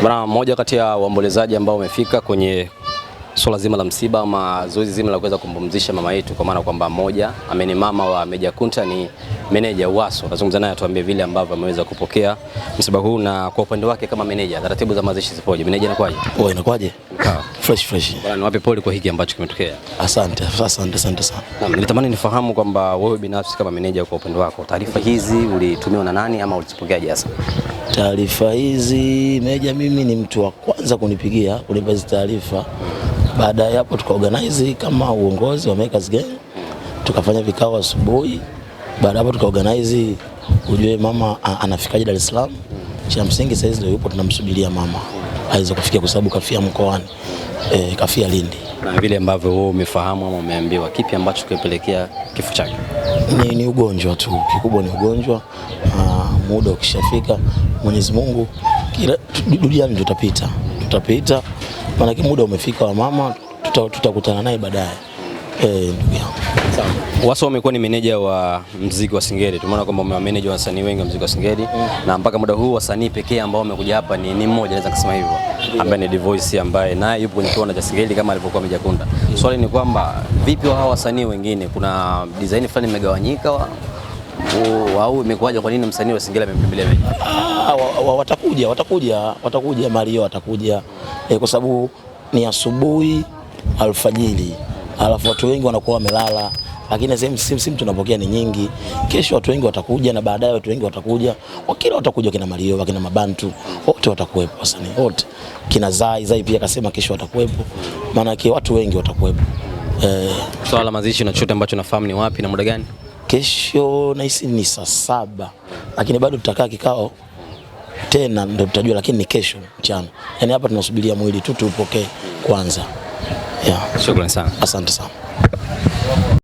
Bwana, mmoja kati ya waombolezaji ambao wamefika kwenye swala zima la msiba ama zoezi zima la kuweza kumpumzisha mama yetu, kwa maana kwamba mmoja ameni mama wa Meja Kunta ni meneja Waso. Nazungumza naye atuambie vile ambavyo ameweza kupokea msiba huu, na kwa upande wake kama meneja, taratibu za mazishi zipoje? Meneja inakuwaje? Oh, inakuwaje? Fresh fresh. Bwana, niwape pole kwa hiki ambacho kimetokea. Asante, asante, asante sana. Naam, nilitamani nifahamu kwamba wewe binafsi kama meneja, kwa upande wako taarifa hizi ulitumiwa na nani ama ulizipokeaje hasa? taarifa hizi. Meja mimi ni mtu wa kwanza kunipigia kunipa hizi taarifa. Baada ya hapo, tukaorganize kama uongozi wa Makers Gang, tukafanya vikao asubuhi. Baada hapo, tukaorganize ujue mama anafikaje Dar es Salaam. Cha msingi sasa hizi ndio yupo tunamsubiria mama aweze kufikia, kwa sababu kafia mkoani e, kafia Lindi na vile ambavyo wewe umefahamu ama umeambiwa, kipi ambacho kimepelekea kifo chake? Ni, ni ugonjwa tu, kikubwa ni ugonjwa. Uh, muda ukishafika, Mwenyezi Mungu, duniani tutapita, tutapita, maanake muda umefika wa mama, tutakutana tuta naye baadaye. Eh, ndugu yangu Waso umekuwa ni meneja wa mziki wa Singeli. Tumeona kwamba umewameneja wasanii wengi wa mziki wa Singeli mm. na mpaka muda huu wasanii pekee ambao wamekuja hapa ni, ni mmoja naweza kusema hivyo ambaye ni Divoice ambaye naye yupo kwenye kiwanda cha singeli kama alivyokuwa Mijakunda. Swali ni kwamba vipi hawa wasanii wengine, kuna design fulani imegawanyika au imekuwaje? Kwa nini msanii wa singeli amempimbelea Meja? Ah, watakuja, watakuja, watakuja Mario watakuja e, kwa sababu ni asubuhi alfajiri, alafu watu wengi wanakuwa wamelala lakini simu simu tunapokea ni nyingi. Kesho watu wengi watakuja na baadaye watu wengi watakuja, wakila watakuja, kina Mario, kina Mabantu wote watakuwepo, wasanii wote, kina Zai Zai pia akasema kesho watakuwepo, maana yake watu wengi watakuwepo. Eh, swala la mazishi na chochote ambacho nafahamu ni wapi na muda gani? Kesho nahisi ni saa saba, lakini bado tutakaa kikao tena ndio tutajua, lakini ni kesho mchana. Yani hapa tunasubiria mwili tu tuupokee kwanza. Yeah. Shukrani sana. Asante sana.